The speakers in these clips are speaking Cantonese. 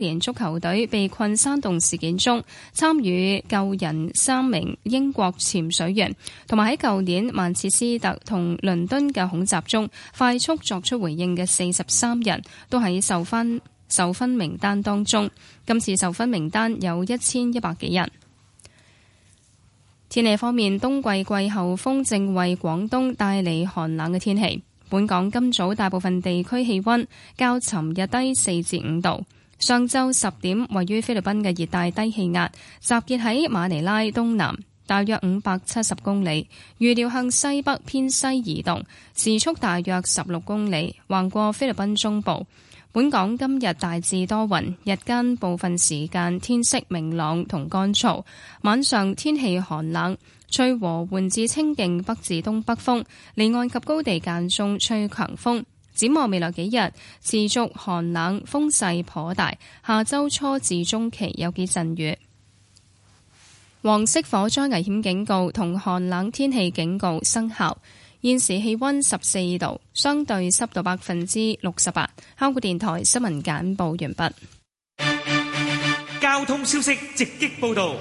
連足球隊被困山洞事件中參與救人三名英國潛水員，同埋喺舊年曼徹斯特同倫敦嘅恐襲中快速作出回應嘅四十三人，都喺受分受分名單當中。今次受分名單有一千一百幾人。天氣方面，冬季季候風正為廣東帶嚟寒冷嘅天氣，本港今早大部分地區氣温較尋日低四至五度。上晝十點，位於菲律賓嘅熱帶低氣壓集結喺馬尼拉東南，大約五百七十公里，預料向西北偏西移動，時速大約十六公里，橫過菲律賓中部。本港今日大致多雲，日間部分時間天色明朗同乾燥，晚上天氣寒冷，吹和緩至清勁北至東北風，離岸及高地間中吹強風。展望未來幾日持續寒冷，風勢頗大，下周初至中期有幾陣雨。黃色火災危險警告同寒冷天氣警告生效。現時氣温十四度，相對濕度百分之六十八。香港電台新聞簡報完畢。交通消息直擊報導。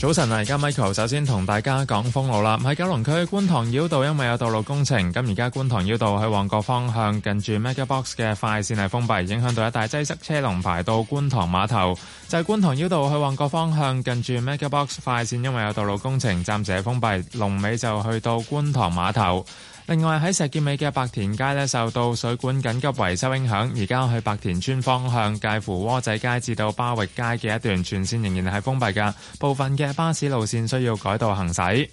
早晨啊，而家 Michael 首先同大家講封路啦。喺九龍區觀塘繞道因為有道路工程，咁而家觀塘繞道去旺角方向近住 MegaBox 嘅快線係封閉，影響到一大擠塞車龍排到觀塘碼頭。就係、是、觀塘繞道去旺角方向近住 MegaBox 快線，因為有道路工程暫時係封閉，龍尾就去到觀塘碼頭。另外喺石硤尾嘅白田街呢，受到水管緊急維修影響，而家去白田村方向介乎窩仔街至到巴域街嘅一段全線仍然係封閉嘅，部分嘅巴士路線需要改道行駛。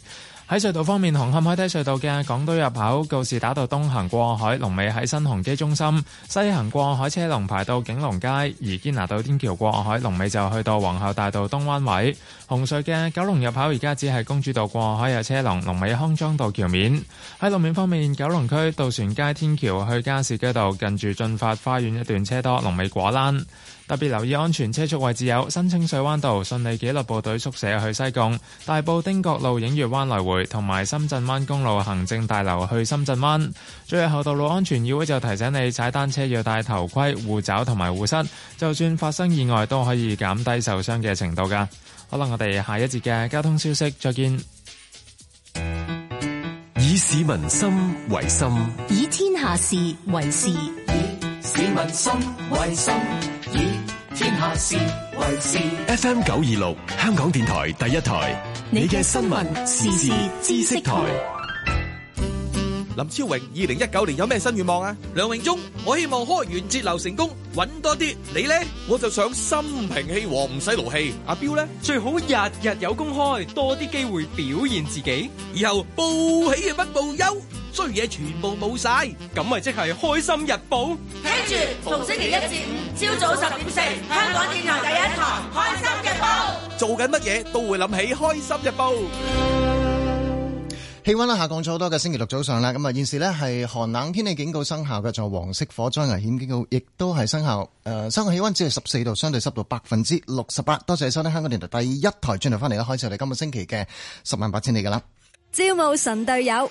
喺隧道方面，紅磡海底隧道嘅港島入口告士打道東行過海，龍尾喺新鴻基中心；西行過海車龍排到景隆街，而堅拿道天橋過海龍尾就去到皇后大道東彎位。紅隧嘅九龍入口而家只係公主道過海有車龍，龍尾康莊道橋面。喺路面方面，九龍區渡船街天橋去加士居道近住駿發花園一段車多，龍尾果欄。特別留意安全車速位置有新清水灣道、順利紀律部隊宿舍去西貢、大埔汀角路、映月灣來回，同埋深圳灣公路行政大樓去深圳灣。最後，道路安全議會就提醒你踩單車要戴頭盔、護肘同埋護膝，就算發生意外都可以減低受傷嘅程度噶。好啦，我哋下一節嘅交通消息再見。以市民心為心，以天下事為事，以市民心為心。以天下事為事。F.M. 九二六，FM926，香港電台第一台，你嘅新聞時事知識台。林超榮，二零一九年有咩新願望啊？梁榮忠，我希望開完節流成功，揾多啲。你咧？我就想心平氣和，唔使勞氣。阿標咧？最好日日有工開，多啲機會表現自己，以後報喜嘅不報憂，衰嘢全部冇晒，咁咪即係開心日報。聽住，逢星期一至五，朝早十點四，香港電台第一台《開心日報》，做緊乜嘢都會諗起《開心日報》。氣溫啦下降咗好多嘅星期六早上啦，咁啊現時咧係寒冷天氣警告生效嘅，仲有黃色火災危險警告亦都係生效。誒、呃，今日氣溫只係十四度，相對濕度百分之六十八。多謝你收聽香港電台第一台，轉頭翻嚟啦，開始我哋今個星期嘅十萬八千里嘅啦。招募神隊友，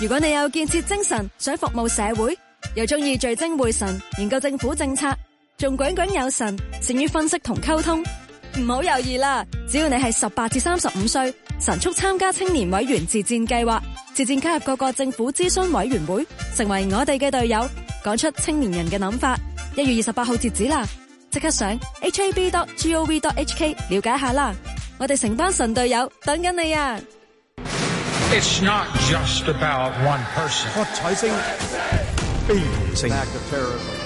如果你有建設精神，想服務社會，又中意聚精會神研究政府政策，仲滾滾有神，善於分析同溝通。唔好猶豫啦！只要你係十八至三十五歲，神速參加青年委員自薦計劃，自薦加入各個政府諮詢委員會，成為我哋嘅隊友，講出青年人嘅諗法。一月二十八號截止啦，即刻上 h a b dot g o v dot h k 了解下啦！我哋成班神隊友等緊你啊！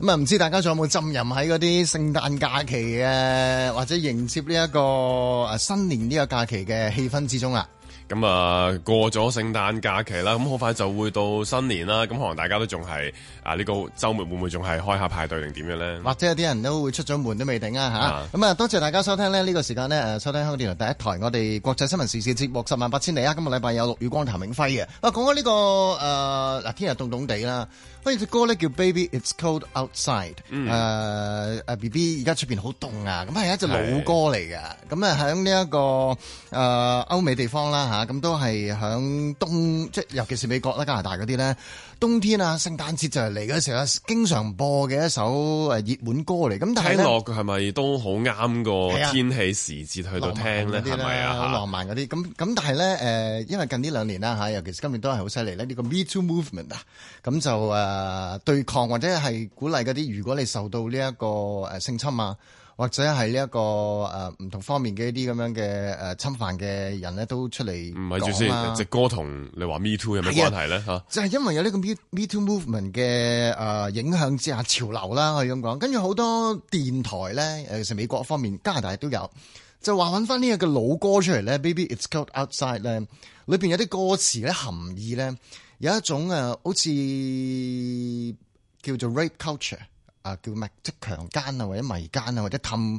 咁啊，唔知大家仲有冇浸淫喺嗰啲聖誕假期嘅，或者迎接呢一個新年呢個假期嘅氣氛之中啊？咁、嗯、啊，過咗聖誕假期啦，咁好快就會到新年啦。咁可能大家都仲係啊呢、呢個週末會唔會仲係開下派對定點樣咧？或者有啲人都會出咗門都未定啊吓咁啊，多謝大家收聽呢、呢個時間呢收聽香港電台第一台我哋國際新聞時事節目《十萬八千里》啊！今個禮拜有陸宇光、譚永輝嘅。啊，講緊呢個嗱，呃、聽日凍凍地啦～所以隻歌咧叫 Baby，It's Cold Outside。誒誒，B B 而家出面好凍啊！咁係一隻老歌嚟嘅。咁誒，喺呢一個誒、呃、歐美地方啦、啊、嚇，咁、啊、都係喺東，即係尤其是美國啦、加拿大嗰啲咧。冬天啊，聖誕節就嚟嘅時候經常播嘅一首誒熱門歌嚟。咁但係聽落佢係咪都好啱個天氣時節去到聽呢？係啊？好浪漫嗰啲咁咁，但係咧誒，因為近呢兩年啦吓，尤其是今年都係好犀利咧。呢個 Me Too Movement 啊，咁就誒、呃、對抗或者係鼓勵嗰啲，如果你受到呢一個誒、呃、性侵啊。或者係呢一個誒唔、呃、同方面嘅一啲咁樣嘅誒、呃、侵犯嘅人咧，都出嚟唔係住先，只著、啊、歌同你話 Me Too 有咩關係咧？吓的，啊、就係因為有呢個 Me Me Too Movement 嘅誒、呃、影響之下潮流啦，可以咁講。跟住好多電台咧，尤其是美國方面、加拿大都有，就話揾翻呢一個老歌出嚟咧，Baby It’s Cold Outside 咧，裏邊有啲歌詞咧含義咧，有一種誒好似叫做 rape culture。啊，叫咩？即強姦啊，或者迷奸啊，或者氹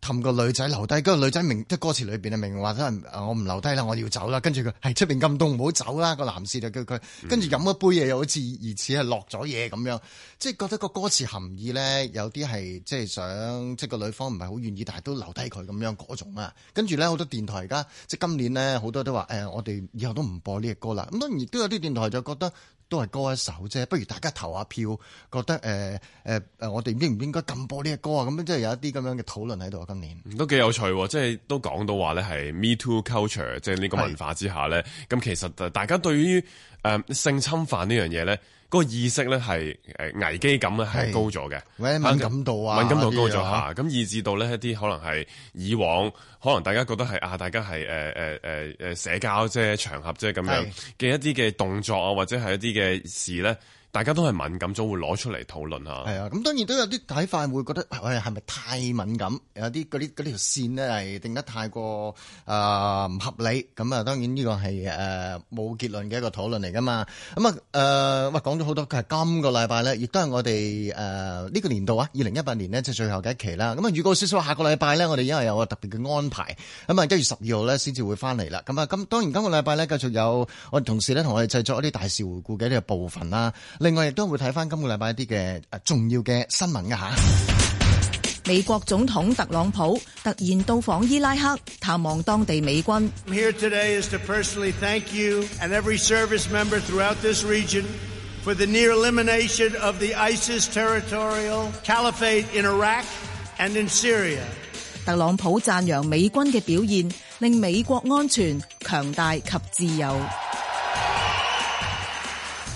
氹個女仔留低。個女仔明即歌詞裏面啊，明話咗，我唔留低啦，我要走啦。跟住佢係出面咁凍，唔好走啦。個男士就叫佢，跟住飲一杯嘢，又好似而似係落咗嘢咁樣。即係覺得個歌詞含義咧，有啲係即係想，即係個女方唔係好願意，但係都留低佢咁樣嗰種啊。跟住咧，好多電台而家即今年咧，好多都話、欸、我哋以後都唔播呢個歌啦。咁當然亦都有啲電台就覺得。都係歌一首啫，不如大家投下票，覺得誒誒誒，我哋應唔應該禁播呢個歌啊？咁、嗯、樣即係有一啲咁樣嘅討論喺度啊。今年都幾有趣，即係都講到話咧，係 Me Too Culture，即係呢個文化之下咧，咁是其實大家對於誒性侵犯呢樣嘢咧。那個意識咧係誒危機感咧係高咗嘅，敏感度啊，敏感度高咗嚇，咁、啊啊啊、以至到咧一啲可能係以往可能大家覺得係啊，大家係誒誒誒誒社交即係、場合即係咁樣嘅一啲嘅動作啊，或者係一啲嘅事咧。大家都係敏感咗，會攞出嚟討論下。係啊，咁當然都有啲睇法，會覺得誒係咪太敏感？有啲嗰啲嗰條線咧係定得太過誒唔、呃、合理。咁、嗯、啊，當然呢個係誒冇結論嘅一個討論嚟㗎嘛。咁啊誒，喂、呃，講咗好多，佢係今個禮拜咧，亦都係我哋誒呢個年度啊，二零一八年呢，即、就、係、是、最後嘅一期啦。咁、嗯、啊，預告少少，下個禮拜咧，我哋因為有個特別嘅安排，咁啊一月十二號咧先至會翻嚟啦。咁、嗯、啊，咁、嗯、當然今個禮拜咧繼續有我哋同事咧同我哋製作一啲大事回顧嘅呢個部分啦。另外亦都會睇返今個禮拜啲嘅重要嘅新聞㗎下。美國總統特朗普突然到訪伊拉克，探望當地美軍。特朗普讚揚美軍嘅表現，令美國安全強大及自由。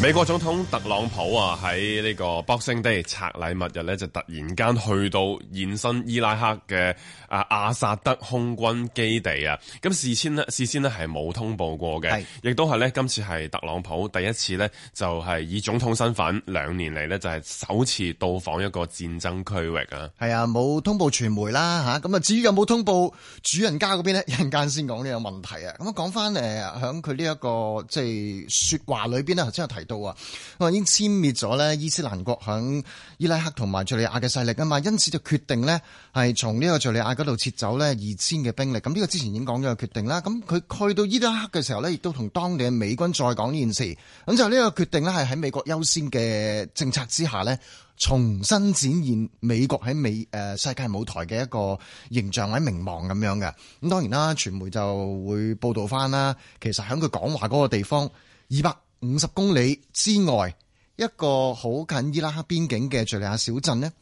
美國總統特朗普啊，喺呢個 boxing day 拆禮物日咧，就突然間去到現身伊拉克嘅阿阿薩德空軍基地啊。咁事先呢，事先呢係冇通報過嘅，亦都係呢。今次係特朗普第一次呢，就係以總統身份兩年嚟呢，就係首次到訪一個戰爭區域啊。係啊，冇通報傳媒啦吓，咁啊至於有冇通報主人家嗰邊呢？一陣間先講呢個問題啊。咁啊講翻誒，響佢呢一個即係、就是、說話裏邊呢，頭先有提。到啊！我已經殲滅咗咧伊斯蘭國響伊拉克同埋敍利亞嘅勢力啊嘛，因此就決定呢係從呢個敍利亞嗰度撤走呢二千嘅兵力。咁呢個之前已經講咗個決定啦。咁佢去到伊拉克嘅時候呢，亦都同當地嘅美軍再講呢件事。咁就呢個決定呢，係喺美國優先嘅政策之下呢，重新展現美國喺美誒世界舞台嘅一個形象喺名望咁樣嘅。咁當然啦，傳媒就會報導翻啦。其實喺佢講話嗰個地方二百。五十公里之外，一個好近伊拉克邊境嘅敘利亞小鎮咧，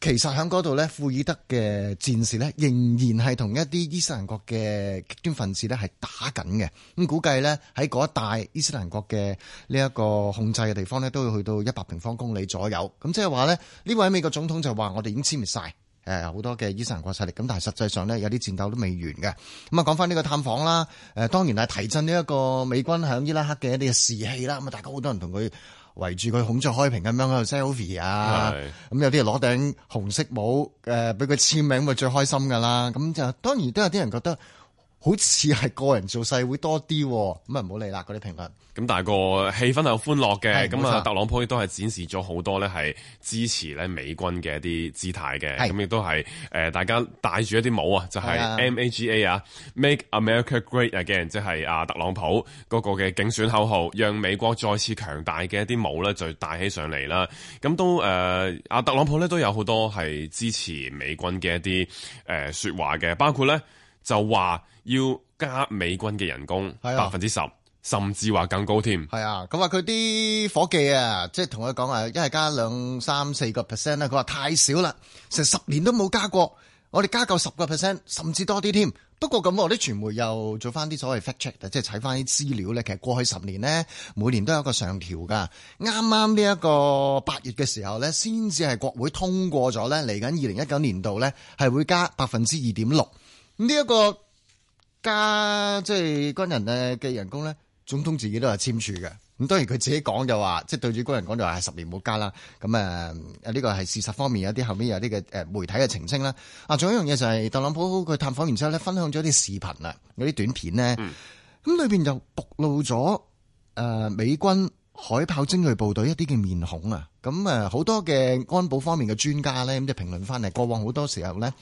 其實響 𠮶 度咧，庫爾德嘅戰士咧，仍然係同一啲伊斯蘭國嘅極端分子咧，係打緊嘅。咁估計咧，喺嗰一帶伊斯蘭國嘅呢一個控制嘅地方咧，都要去到一百平方公里左右。咁即係話咧，呢位美國總統就話我哋已經殲滅晒。誒好多嘅伊斯蘭國勢力，咁但係實際上咧，有啲戰鬥都未完嘅。咁啊講翻呢個探訪啦，誒當然係提振呢一個美軍喺伊拉克嘅一啲士氣啦。咁啊，大家好多人同佢圍住佢，孔雀開屏咁樣喺度 selfie 啊，咁有啲攞頂紅色帽，誒俾佢簽名，咪最開心噶啦。咁就當然都有啲人覺得。好似係個人做勢會多啲，咁啊唔好理啦，嗰啲評論。咁但係個氣氛係好歡樂嘅，咁啊特朗普亦都係展示咗好多咧係支持咧美軍嘅一啲姿態嘅，咁亦都係誒大家戴住一啲帽，就是，MAGA, 是啊，就係 MAGA 啊，Make America Great Again，即係阿特朗普嗰個嘅競選口號，讓美國再次強大嘅一啲帽咧就戴起上嚟啦。咁都誒阿、呃、特朗普咧都有好多係支持美軍嘅一啲誒、呃、說話嘅，包括咧。就話要加美軍嘅人工百分之十，啊、甚至話更高添係啊。咁話佢啲伙計啊，即係同佢講啊，一係加兩三四個 percent 咧，佢話太少啦，成十年都冇加過。我哋加夠十個 percent，甚至多啲添。不過咁我啲傳媒又做翻啲所謂 fact check，即係睇翻啲資料咧。其實過去十年咧，每年都有一個上調噶。啱啱呢一個八月嘅時候咧，先至係國會通過咗咧，嚟緊二零一九年度咧係會加百分之二點六。呢、這、一個加即係軍人嘅人工咧，總統自己都係簽署嘅。咁當然佢自己講就話，即、就、係、是、對住軍人講就話十年冇加啦。咁、嗯、啊，呢個係事實方面有啲，後面有啲嘅誒媒體嘅澄清啦。啊，仲有一樣嘢就係、是、特朗普佢探訪完之後咧，分享咗啲視頻啊，嗰啲短片咧，咁、嗯、裏邊就暴露咗誒、呃、美軍海豹精銳部隊一啲嘅面孔啊。咁、嗯、好多嘅安保方面嘅專家咧，咁就評論翻嚟，過往好多時候咧。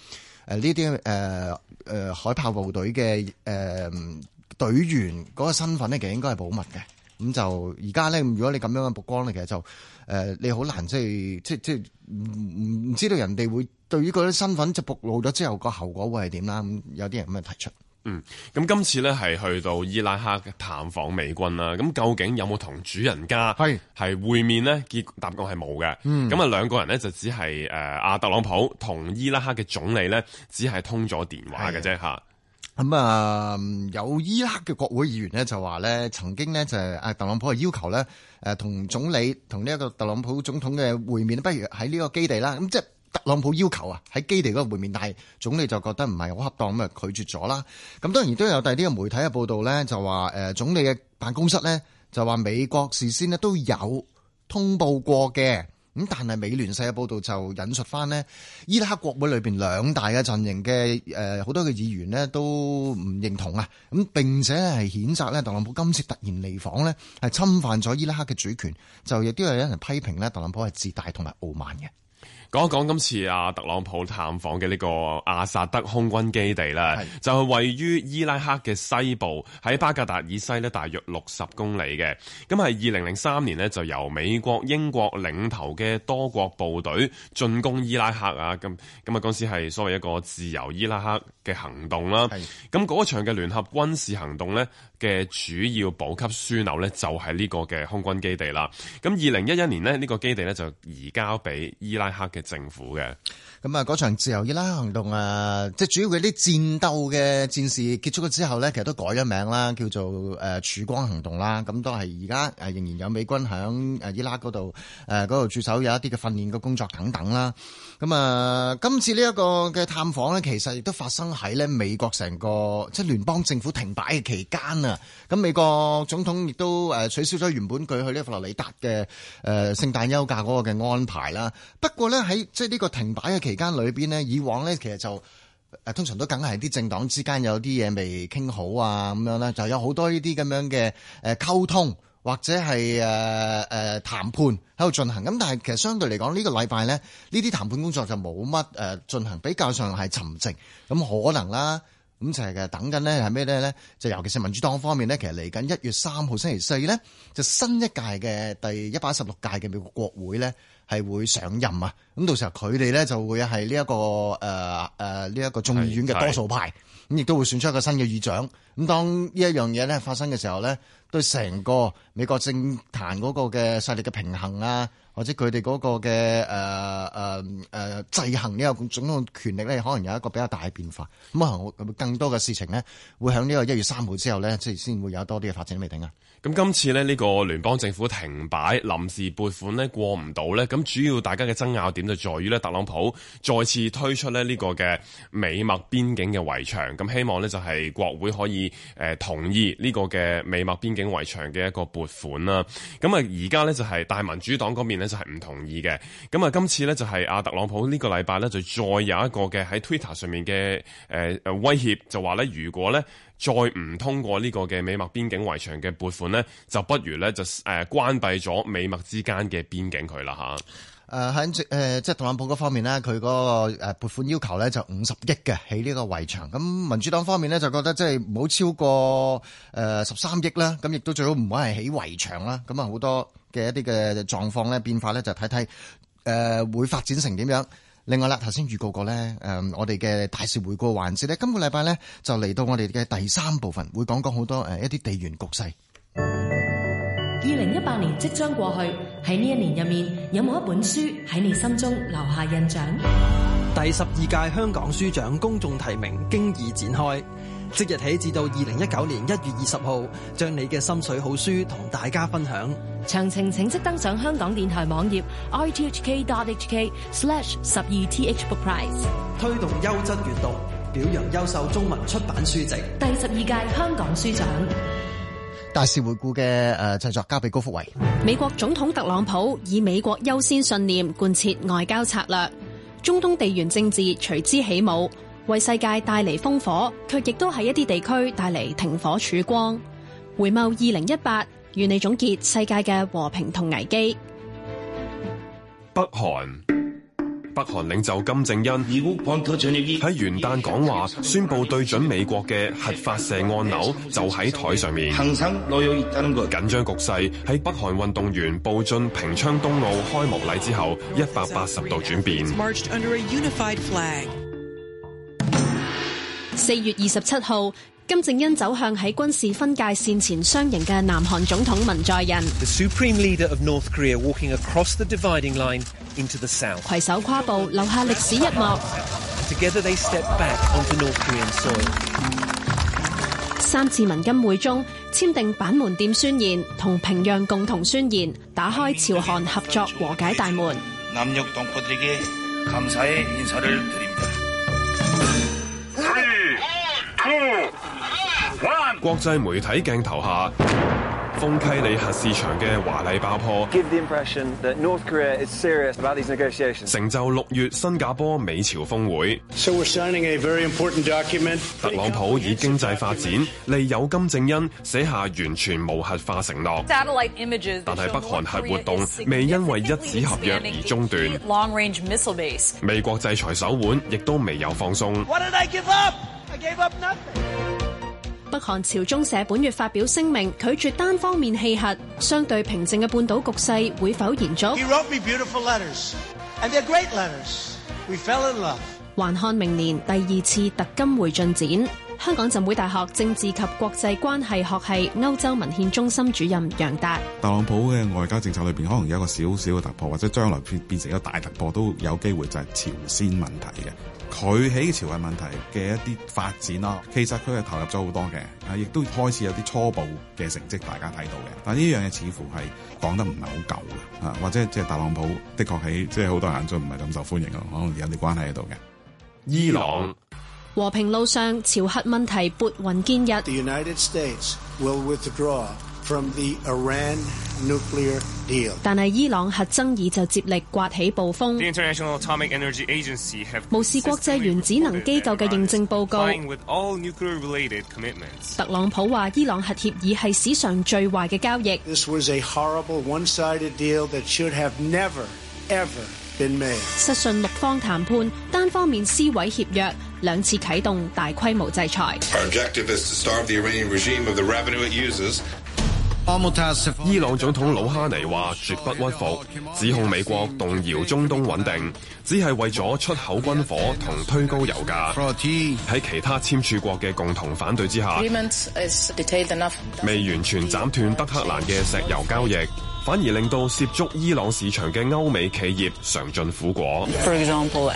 誒呢啲誒誒海豹部隊嘅誒隊員嗰個身份咧，其實應該係保密嘅。咁就而家咧，如果你咁樣嘅曝光咧，其實就誒、呃、你好難即係即係即係唔唔知道人哋會對於嗰啲身份就暴露咗之後個後果會係點啦。咁有啲人咁樣提出。嗯，咁今次咧係去到伊拉克嘅探訪美軍啦，咁究竟有冇同主人家係係會面呢？結答案係冇嘅。嗯，咁啊兩個人呢，就只係誒阿特朗普同伊拉克嘅總理呢，只係通咗電話嘅啫吓。咁啊、嗯嗯嗯、有伊拉克嘅國會議員呢，就話呢曾經呢，就係阿特朗普嘅要求呢，誒、呃、同總理同呢一個特朗普總統嘅會面，不如喺呢個基地啦。咁即係。特朗普要求啊喺基地嗰個會面，但係總理就覺得唔係好恰當咁，啊拒絕咗啦。咁當然都有第啲嘅媒體嘅報道咧，就話誒總理嘅辦公室咧就話美國事先咧都有通報過嘅，咁但係美聯社嘅報道就引述翻咧伊拉克國會裏邊兩大嘅陣營嘅誒好多嘅議員咧都唔認同啊，咁並且係譴責咧特朗普今次突然嚟訪咧係侵犯咗伊拉克嘅主權，就亦都有有人批評咧特朗普係自大同埋傲慢嘅。講一講今次，啊，特朗普探訪嘅呢個阿薩德空軍基地啦，就係，是，位於伊拉克嘅西部，喺巴格達以西呢，大約六十公里嘅。咁係二零零三年呢，就由美國、英國領頭嘅多國部隊進攻伊拉克啊。咁咁啊嗰時係所謂一個自由伊拉克嘅行動啦，啊。咁嗰場嘅聯合軍事行動呢，嘅主要補給樞紐呢，就係呢個嘅空軍基地啦。咁二零一一年呢，呢個基地呢，就移交俾伊拉克嘅政府嘅。咁啊，嗰場自由伊拉克行動啊，即係主要嗰啲戰鬥嘅戰士結束咗之後咧，其實都改咗名啦，叫做誒曙光行動啦。咁都係而家誒仍然有美軍喺誒伊拉克嗰度誒嗰度駐守，有一啲嘅訓練嘅工作等等啦。咁啊，今次呢一個嘅探訪咧，其實亦都發生喺咧美國成個即係聯邦政府停擺嘅期間啊。咁美國總統亦都誒取消咗原本佢去呢佛羅里達嘅誒聖誕休假嗰個嘅安排啦。不過咧喺即係呢個停擺嘅期，期間裏邊咧，以往咧其實就誒，通常都梗係啲政黨之間有啲嘢未傾好啊，咁樣咧，就有好多呢啲咁樣嘅誒溝通或者係誒誒談判喺度進行。咁但係其實相對嚟講，呢個禮拜咧，呢啲談判工作就冇乜誒進行，比較上係沉靜咁可能啦。咁就係嘅等緊咧係咩咧咧？就尤其是民主黨方面咧，其實嚟緊一月三號星期四咧，就新一屆嘅第一百一十六屆嘅美國國會咧。係會上任啊！咁到時候佢哋咧就會係呢一個誒誒呢一個眾議院嘅多數派，咁亦都會選出一個新嘅議長。咁當呢一樣嘢咧發生嘅時候咧，對成個美國政壇嗰個嘅勢力嘅平衡啊～或者佢哋嗰個嘅誒誒誒制衡呢個總統權力咧，可能有一個比較大嘅變化。咁啊，更多嘅事情咧，會喺呢個一月三號之後咧，即係先會有多啲嘅發展未定啊。咁今次咧，呢、這個聯邦政府停擺、臨時撥款咧過唔到咧，咁主要大家嘅爭拗點就在於咧，特朗普再次推出咧呢、這個嘅美墨邊境嘅圍牆，咁希望咧就係、是、國會可以誒、呃、同意呢個嘅美墨邊境圍牆嘅一個撥款啦。咁啊，而家咧就係、是、大民主黨嗰邊咧。就係唔同意嘅，咁啊，今次咧就係阿特朗普呢個禮拜咧就再有一個嘅喺 Twitter 上面嘅誒誒威脅，就話咧，如果咧再唔通過呢個嘅美墨邊境圍牆嘅撥款咧，就不如咧就誒關閉咗美墨之間嘅邊境佢啦吓。誒喺誒即係特朗普嗰方面咧，佢嗰個誒撥款要求咧就五十億嘅起呢個圍牆。咁民主黨方面咧就覺得即係冇超過誒十三億啦，咁亦都最好唔好係起圍牆啦。咁啊好多嘅一啲嘅狀況咧，變化咧就睇睇，誒、呃、會發展成點樣？另外啦，頭先預告過咧，誒、呃、我哋嘅大事回顧環節咧，今個禮拜咧就嚟到我哋嘅第三部分，會講講好多誒一啲地緣局勢。二零一八年即將過去，喺呢一年入面，有冇一本書喺你心中留下印象？第十二屆香港書獎公眾提名經已展開，即日起至到二零一九年一月二十號，將你嘅心水好書同大家分享。詳情請即登上香港電台網頁 r t h k dot h k slash 十二 t h book prize。推動優質閱讀，表揚優秀中文出版書籍。第十二屆香港書獎。大事回顧嘅誒製作交俾高福偉。美國總統特朗普以美國優先信念貫徹外交策略，中東地緣政治隨之起舞，為世界帶嚟烽火，却亦都喺一啲地區帶嚟停火曙光。回眸二零一八，願你總結世界嘅和平同危機。北韓。北韓領袖金正恩喺元旦講話，宣佈對準美國嘅核發射按鈕就喺台上面。緊張局勢喺北韓運動員步進平昌冬奧開幕禮之後一百八十度轉變。四月二十七號。金正恩走向喺軍事分界線前相迎嘅南韓總統文在寅，携手跨步留下歷史一幕。三次文金會中，簽訂板門店宣言同平壤共同宣言，打開朝韓合作和解大門。國際媒體鏡頭下，豐溪里核試場嘅華麗爆破，成就六月新加坡美朝峰會。So、特朗普以經濟發展利誘金正恩寫下完全無核化承諾。但係北韓核活動未因為一紙合約而中斷。美國制裁手腕亦都未有放鬆。北韓朝中社本月發表聲明，拒絕單方面棄核，相對平靜嘅半島局勢會否延續？還看明年第二次特金會進展。香港浸會大學政治及國際關係學系歐洲文獻中心主任楊達，特朗普嘅外交政策裏邊，可能有一個少少嘅突破，或者將來變變成一個大突破，都有機會就係朝鮮問題嘅。佢喺朝鮮問題嘅一啲發展啦，其實佢係投入咗好多嘅，啊，亦都開始有啲初步嘅成績，大家睇到嘅。但呢樣嘢似乎係講得唔係好夠嘅，啊，或者即係特朗普的確喺即係好多人眼中唔係咁受歡迎咯，可能有啲關係喺度嘅。伊朗。伊朗和平路上朝核問題撥雲見日，The United States will withdraw from the Iran nuclear deal. 但係伊朗核爭議就接力刮起暴風。無視國際原子能機構嘅認證報告，特朗普話伊朗核協議係史上最壞嘅交易。This was a horrible one-sided deal that should have never, ever 失信六方談判，單方面撕毀協約，兩次啟動大規模制裁。伊朗總統魯哈尼話：絕不屈服，指控美國動搖中東穩定，只係為咗出口軍火同推高油價。喺其他簽署國嘅共同反對之下，未完全斬斷德黑蘭嘅石油交易。反而令到涉足伊朗市場嘅歐美企業嚐盡苦果。Example，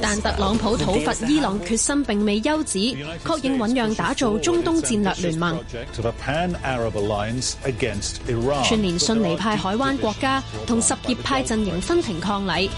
但特朗普討伐伊朗決心並未休止，確認醞釀打造中東戰略聯盟，串聯遜尼派海灣國家同什葉派陣營分庭抗禮，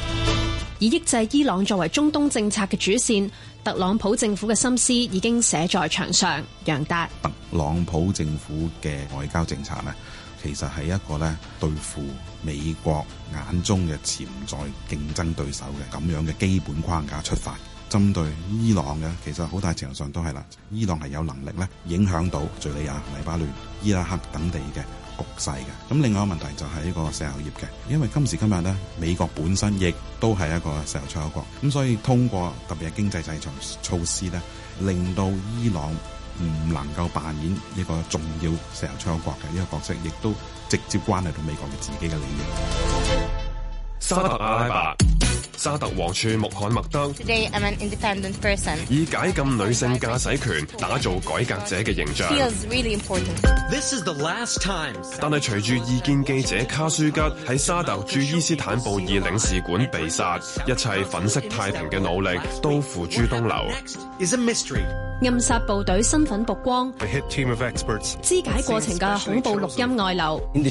以抑制伊朗作為中東政策嘅主線。特朗普政府嘅心思已經寫在牆上。楊達，特朗普政府嘅外交政策呢其實係一個咧對付美國眼中嘅潛在競爭對手嘅咁樣嘅基本框架出發，針對伊朗嘅其實好大程度上都係啦，伊朗係有能力咧影響到敍利亞、黎巴嫩、伊拉克等地嘅局勢嘅。咁另外一個問題就係呢個石油業嘅，因為今時今日咧，美國本身亦都係一個石油出口國，咁所以通過特別係經濟制裁措施咧，令到伊朗，唔能夠扮演呢個重要石油出口國嘅一個角色，亦都直接關係到美國嘅自己嘅利益。沙特阿拉伯，沙特王儲穆罕默德以解禁女性駕駛權打造改革者嘅形象。Really、This is the last time. 但係隨住異見記者卡舒吉喺沙特駐伊斯坦布爾領事館被殺，一切粉飾太平嘅努力都付諸東流。暗殺部隊身份曝光，肢解過程嘅恐怖錄音外流。In the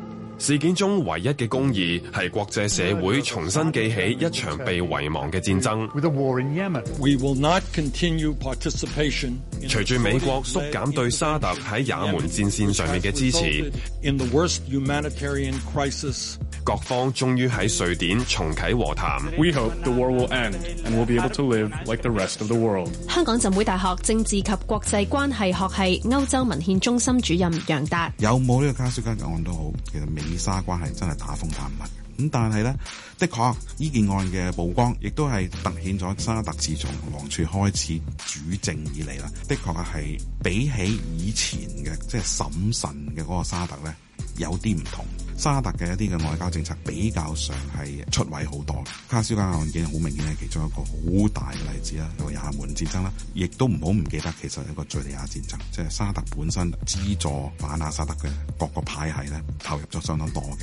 事件中唯一嘅公義係國際社會重新記起一場被遺忘嘅戰爭。隨住美國縮減對沙特喺也門戰線上面嘅支持，各方終於喺瑞典重啟和談。香港浸會大學政治及國際關係學系歐洲文獻中心主任楊達，有冇呢個卡舒吉案都好，其實沙瓜係真係打風打唔埋，咁但係咧的確呢件案嘅曝光，亦都係凸顯咗沙特自從王儲開始主政以嚟啦，的確係比起以前嘅即係審慎嘅嗰個沙特咧，有啲唔同。沙特嘅一啲嘅外交政策比較上係出位好多的，卡斯加嘅案件好明顯，係其中一個好大嘅例子啦，有一個也門戰爭啦，亦都唔好唔記得其實係一個敘利亞戰爭，即係沙特本身資助反阿薩德嘅各個派系咧，投入咗相當多嘅。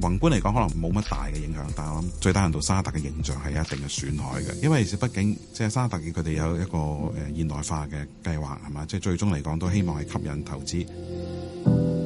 宏觀嚟講，可能冇乜大嘅影響。但係我諗最低限度沙特嘅形象係一定嘅損害嘅，因為畢竟即係沙特佢哋有一個誒現代化嘅計劃，係嘛，即係最終嚟講都希望係吸引投資。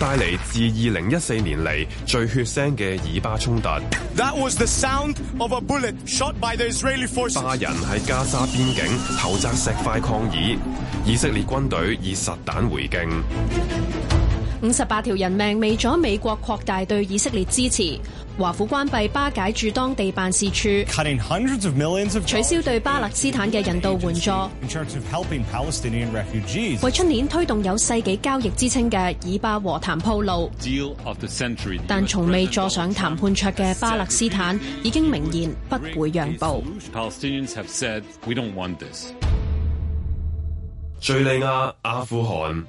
帶嚟自二零一四年嚟最血腥嘅以巴衝突。巴人喺加沙邊境投擲石塊抗議，以色列軍隊以實彈回敬。五十八條人命了，未咗美國擴大對以色列支持，華府關閉巴解駐當地辦事處，of of 取消對巴勒斯坦嘅人道援助，為出年推動有世紀交易之稱嘅以巴和談鋪路。The century, the 但從未坐上談判桌嘅巴勒斯坦，已經明言不會讓步。敘利亞、啊、阿富汗。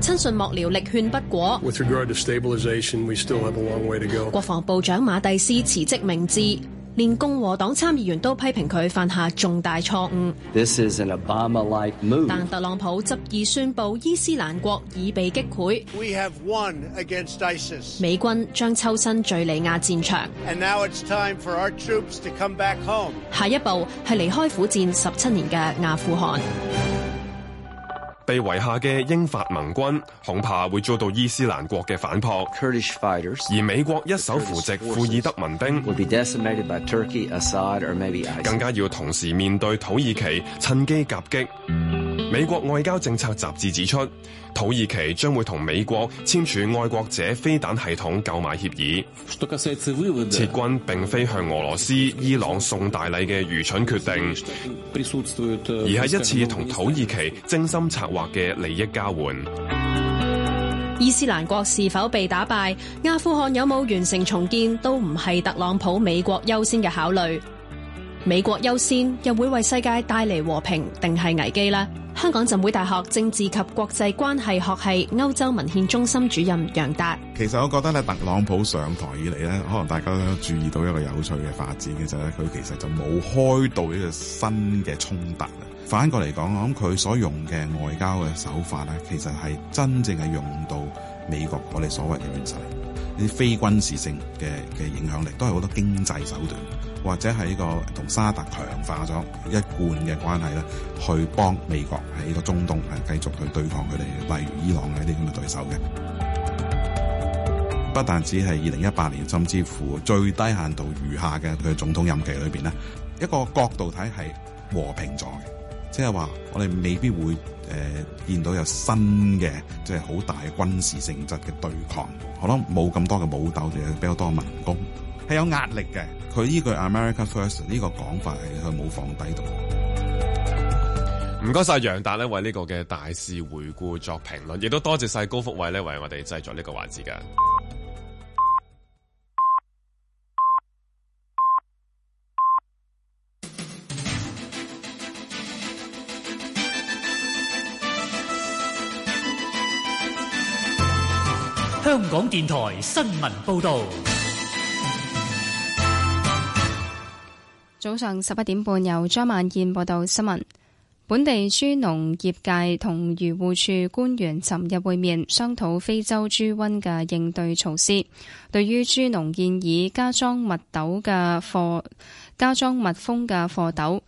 親信幕僚力勸不果，國防部長馬蒂斯辭職明志，連共和黨參議員都批評佢犯下重大錯誤。-like、但特朗普執意宣布伊斯蘭國已被擊潰，美軍將抽身敘利亞戰場。下一步係離開苦戰十七年嘅阿富汗。被圍下嘅英法盟軍恐怕會遭到伊斯蘭國嘅反撲，而美國一手扶植庫爾德民兵，Turkey, Assad，更加要同時面對土耳其趁機夾擊。美國外交政策雜誌指出，土耳其將會同美國簽署愛國者飛彈系統購買協議。撤軍並非向俄羅斯、伊朗送大禮嘅愚蠢決定，而係一次同土耳其精心策劃嘅利益交換。伊斯蘭國是否被打敗，阿富汗有冇完成重建，都唔係特朗普美國優先嘅考慮。美國優先又會為世界帶嚟和平定係危機呢？香港浸會大學政治及國際關係學系歐洲文獻中心主任楊達，其實我覺得咧，特朗普上台以嚟咧，可能大家都注意到一個有趣嘅發展，其實咧，佢其實就冇開到一個新嘅衝突。反過嚟講，我諗佢所用嘅外交嘅手法咧，其實係真正係用到美國我哋所謂嘅軟實力，啲非軍事性嘅嘅影響力，都係好多經濟手段。或者喺呢個同沙特強化咗一貫嘅關係咧，去幫美國喺呢個中東係繼續去對抗佢哋，例如伊朗呢啲咁嘅對手嘅，不但只係二零一八年，甚至乎最低限度餘下嘅佢總統任期裏邊咧，一個角度睇係和平咗嘅，即係話我哋未必會誒、呃、見到有新嘅即係好大嘅軍事性質嘅對抗。好啦，冇咁多嘅武鬥，仲有比較多嘅民工。係有壓力嘅，佢依句 America First 呢個講法係佢冇放低度。唔該晒，楊達呢為呢個嘅大事回顧作評論，亦都多謝晒高福偉呢為我哋製作呢個環節嘅。香港電台新聞報導。早上十一點半，由張萬燕報道新聞。本地豬農業界同漁護處官員尋日會面，商討非洲豬瘟嘅應對措施。對於豬農建議加裝密斗嘅貨，加裝密封嘅貨斗，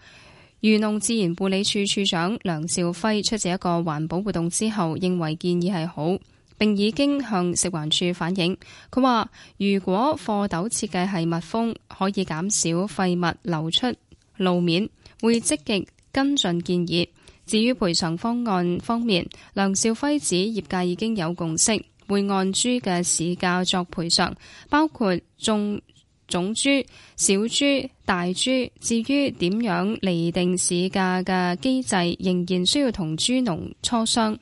漁農自然護理處處長梁兆輝出席一個環保活動之後，認為建議係好，並已經向食環署反映。佢話：如果貨斗設計係密封，可以減少廢物流出路面，會積極跟進建議。至於賠償方案方面，梁少輝指業界已經有共識，會按豬嘅市價作賠償，包括種，種豬、小豬、大豬。至於點樣釐定市價嘅機制，仍然需要同豬農磋商。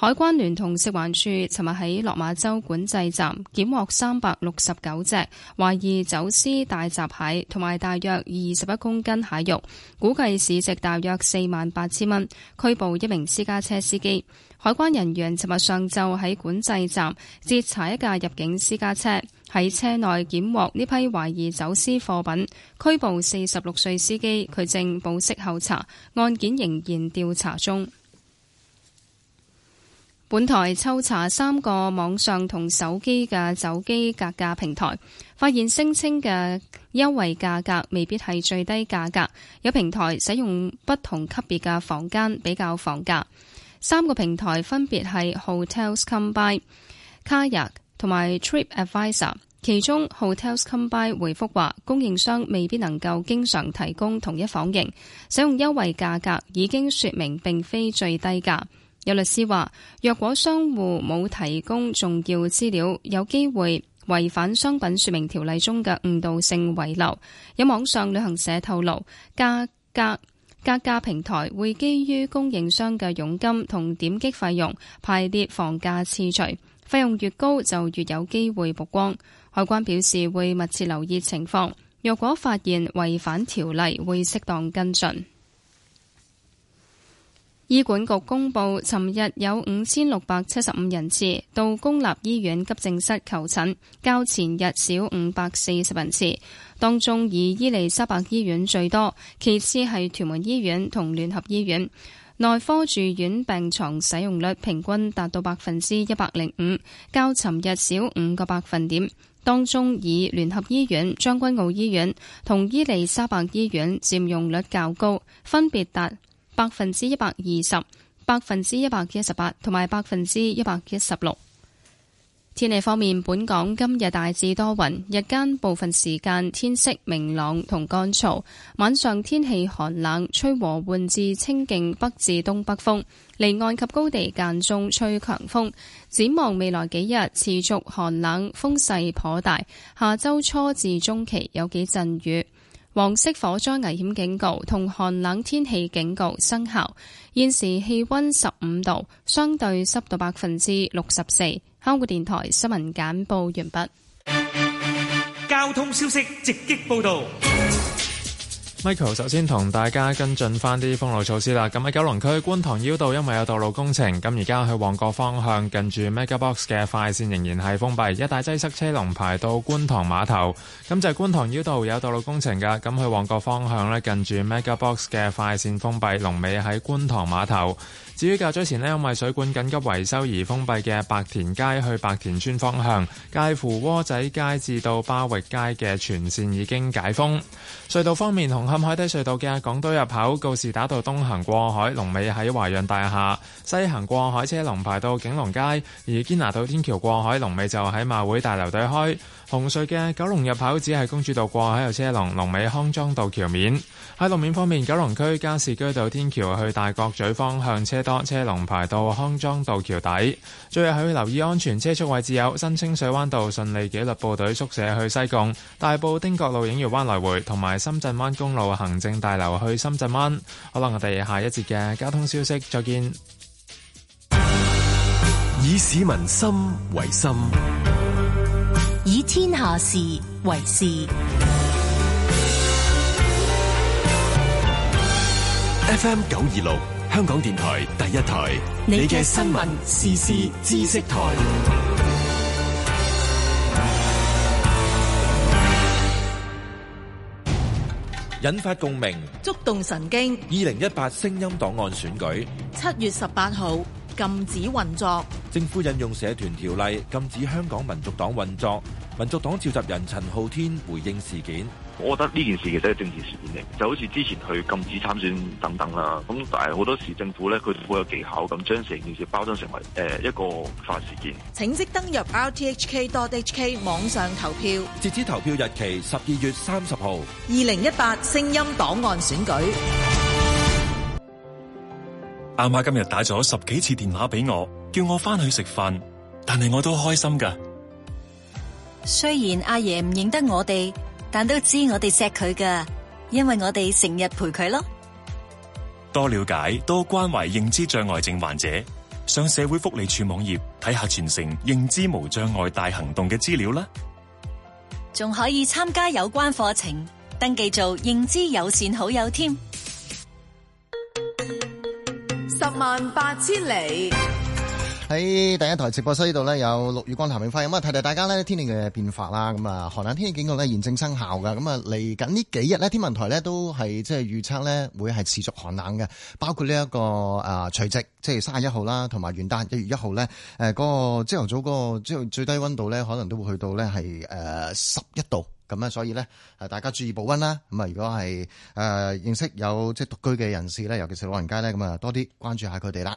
海關聯同食環署尋日喺落馬洲管制站檢獲三百六十九隻懷疑走私大閘蟹，同埋大約二十一公斤蟹肉，估計市值大約四萬八千蚊，拘捕一名私家車司機。海關人員尋日上晝喺管制站截查一架入境私家車，喺車內檢獲呢批懷疑走私貨品，拘捕四十六歲司機，佢正保釋候查，案件仍然調查中。本台抽查三個網上同手機嘅手機格價平台，發現聲稱嘅優惠價格未必係最低價格。有平台使用不同級別嘅房間比較房價。三個平台分別係 HotelsCombined、Kayak 同埋 TripAdvisor，其中 HotelsCombined 回復話供應商未必能夠經常提供同一房型，使用優惠價格已經說明並非最低價。有律師話：若果商戶冇提供重要資料，有機會違反商品說明條例中嘅誤導性遺漏。有網上旅行社透露，價格，價格平台會基於供應商嘅佣金同點擊費用排列房價次序，費用越高就越有機會曝光。海關表示會密切留意情況，若果發現違反條例，會適當跟進。醫管局公布，尋日有五千六百七十五人次到公立醫院急症室求診，較前日少五百四十人次。當中以伊利沙伯醫院最多，其次係屯門醫院同聯合醫院。內科住院病床使用率平均達到百分之一百零五，較尋日少五個百分點。當中以聯合醫院、將軍澳醫院同伊利沙伯醫院佔用率較高，分別達。百分之一百二十，百分之一百一十八，同埋百分之一百一十六。天氣方面，本港今日大致多雲，日間部分時間天色明朗同乾燥，晚上天氣寒冷，吹和緩至清勁北至東北風，離岸及高地間中吹強風。展望未來幾日持續寒冷，風勢頗大，下週初至中期有幾陣雨。黃色火災危險警告同寒冷天氣警告生效。現時氣温十五度，相對濕度百分之六十四。香港電台新聞簡報完畢。交通消息直擊報道。Michael 首先同大家跟進翻啲封路措施啦。咁喺九龍區觀塘繞道，因為有道路工程，咁而家去旺角方向近住 Mega Box 嘅快線仍然係封閉，一大擠塞車龍排到觀塘碼頭。咁就係觀塘繞道有道路工程㗎，咁去旺角方向呢，近住 Mega Box 嘅快線封閉，龍尾喺觀塘碼頭。至於較早前咧，因為水管緊急維修而封閉嘅白田街去白田村方向，介乎窩仔街至到巴域街嘅全線已經解封。隧道方面，紅磡海底隧道嘅港島入口告士打道東行過海，龍尾喺華潤大廈；西行過海車龍排到景隆街，而堅拿道天橋過海龍尾就喺馬會大樓對開。紅隧嘅九龍入口只係公主道過喺有車龍，龍尾康莊道橋面。喺路面方面，九龍區加士居道天橋去大角咀方向車多，車龍排到康莊道橋底。最後係要留意安全車速位置，有新清水灣道順利紀律部隊宿舍去西貢，大埔汀角路影月灣來回，同埋深圳灣公路行政大樓去深圳灣。好啦，我哋下一節嘅交通消息再見。以市民心為心。下事為事。F. M. 九二六香港電台第一台，你嘅新聞時事知識台，引發共鳴，觸動神經。二零一八聲音檔案選舉七月十八號禁止運作，政府引用社團條例禁止香港民族黨運作。民族黨召集人陳浩天回應事件：我覺得呢件事其實係政治事件嚟，就好似之前佢禁止參選等等啦。咁但係好多時政府咧，佢會有技巧咁將成件事包裝成為誒，一個突發事件。請即登入 rthk.hk 網上投票，截止投票日期十二月三十號。二零一八聲音檔案選舉，阿媽今日打咗十幾次電話俾我，叫我翻去食飯，但係我都開心噶。雖然阿爺唔認得我哋，但都知我哋錫佢噶，因為我哋成日陪佢咯。多了解，多關懷認知障礙症患者，上社會福利處網頁睇下《全城認知無障礙大行動》嘅資料啦，仲可以參加有關課程，登記做認知友善好友添。十萬八千里。喺第一台直播室呢度咧，有陸雨光、譚永輝，咁啊，提提大家呢天氣嘅變化啦。咁啊，寒冷天氣警告咧，現正生效㗎。咁啊，嚟緊呢幾日咧，天文台咧都係即係預測咧，會係持續寒冷嘅。包括呢、這、一個啊，除、呃、夕即係卅一號啦，同埋元旦一月一號咧，誒，嗰個朝頭早嗰個朝係最低溫度咧，可能都會去到咧係誒十一度。咁啊，所以咧，誒，大家注意保溫啦。咁啊，如果係誒、呃、認識有即係獨居嘅人士咧，尤其是老人家咧，咁啊，多啲關注一下佢哋啦。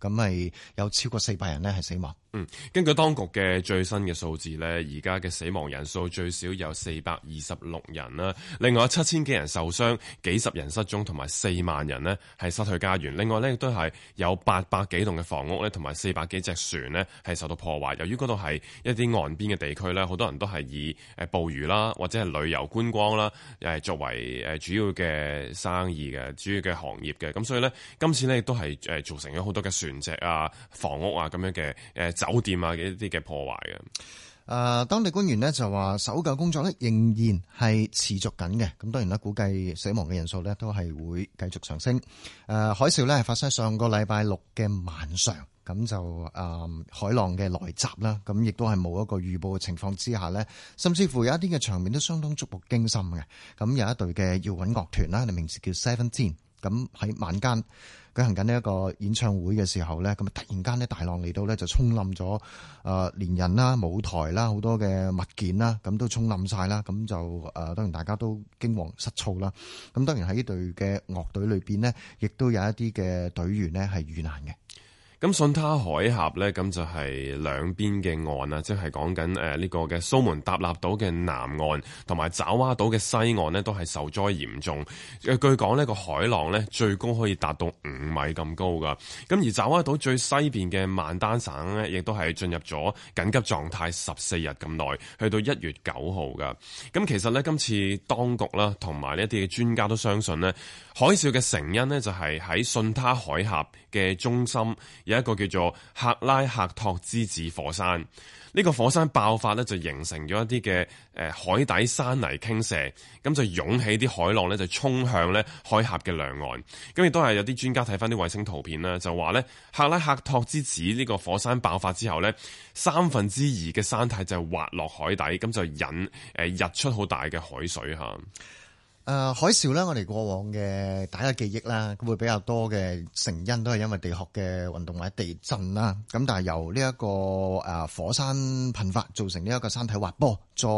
咁係有超過四百人呢係死亡。嗯，根據當局嘅最新嘅數字呢，而家嘅死亡人數最少有四百二十六人啦。另外七千幾人受傷，幾十人失蹤，同埋四萬人呢係失去家園。另外呢，亦都係有八百幾棟嘅房屋呢，同埋四百幾隻船呢係受到破壞。由於嗰度係一啲岸邊嘅地區呢，好多人都係以誒捕魚啦，或者係旅遊觀光啦，作為主要嘅生意嘅，主要嘅行業嘅。咁所以呢，今次呢亦都係誒造成咗好多嘅船。船隻啊、房屋啊咁樣嘅誒、啊、酒店啊嘅一啲嘅破壞啊，誒、呃、當地官員呢就話搜救工作呢仍然係持續緊嘅，咁當然啦，估計死亡嘅人數呢都係會繼續上升。誒、呃、海嘯呢係發生上個禮拜六嘅晚上，咁就、呃、海浪嘅來襲啦，咁亦都係冇一個預報嘅情況之下呢，甚至乎有一啲嘅場面都相當觸目驚心嘅。咁有一隊嘅搖滾樂團啦，你名字叫 Seventeen。咁喺晚間舉行緊呢一個演唱會嘅時候咧，咁啊突然間咧，大浪嚟到咧就沖冧咗，誒，連人啦、舞台啦、好多嘅物件啦，咁都沖冧晒啦，咁就誒，當然大家都驚惶失措啦。咁當然喺呢隊嘅樂隊裏邊咧，亦都有一啲嘅隊員咧係遇難嘅。咁巽他海峽咧，咁就係兩邊嘅岸啊，即係講緊呢個嘅蘇門答臘島嘅南岸，同埋爪哇島嘅西岸呢，都係受災嚴重。誒據講呢個海浪呢，最高可以達到五米咁高噶。咁而爪哇島最西邊嘅萬丹省呢，亦都係進入咗緊急狀態十四日咁耐，去到一月九號噶。咁其實呢，今次當局啦，同埋一啲嘅專家都相信呢，海嘯嘅成因呢，就係喺巽他海峽嘅中心。有一個叫做克拉克托之子火山，呢、這個火山爆發咧，就形成咗一啲嘅誒海底山泥傾瀉，咁就湧起啲海浪咧，就衝向咧海峽嘅兩岸。咁亦都係有啲專家睇翻啲衛星圖片啦，就話咧克拉克托之子呢個火山爆發之後咧，三分之二嘅山體就滑落海底，咁就引誒日出好大嘅海水吓。誒海嘯咧，我哋過往嘅大家嘅記憶啦，會比較多嘅成因都係因為地殼嘅運動或者地震啦。咁但係由呢一個誒火山噴發造成呢一個山體滑坡，再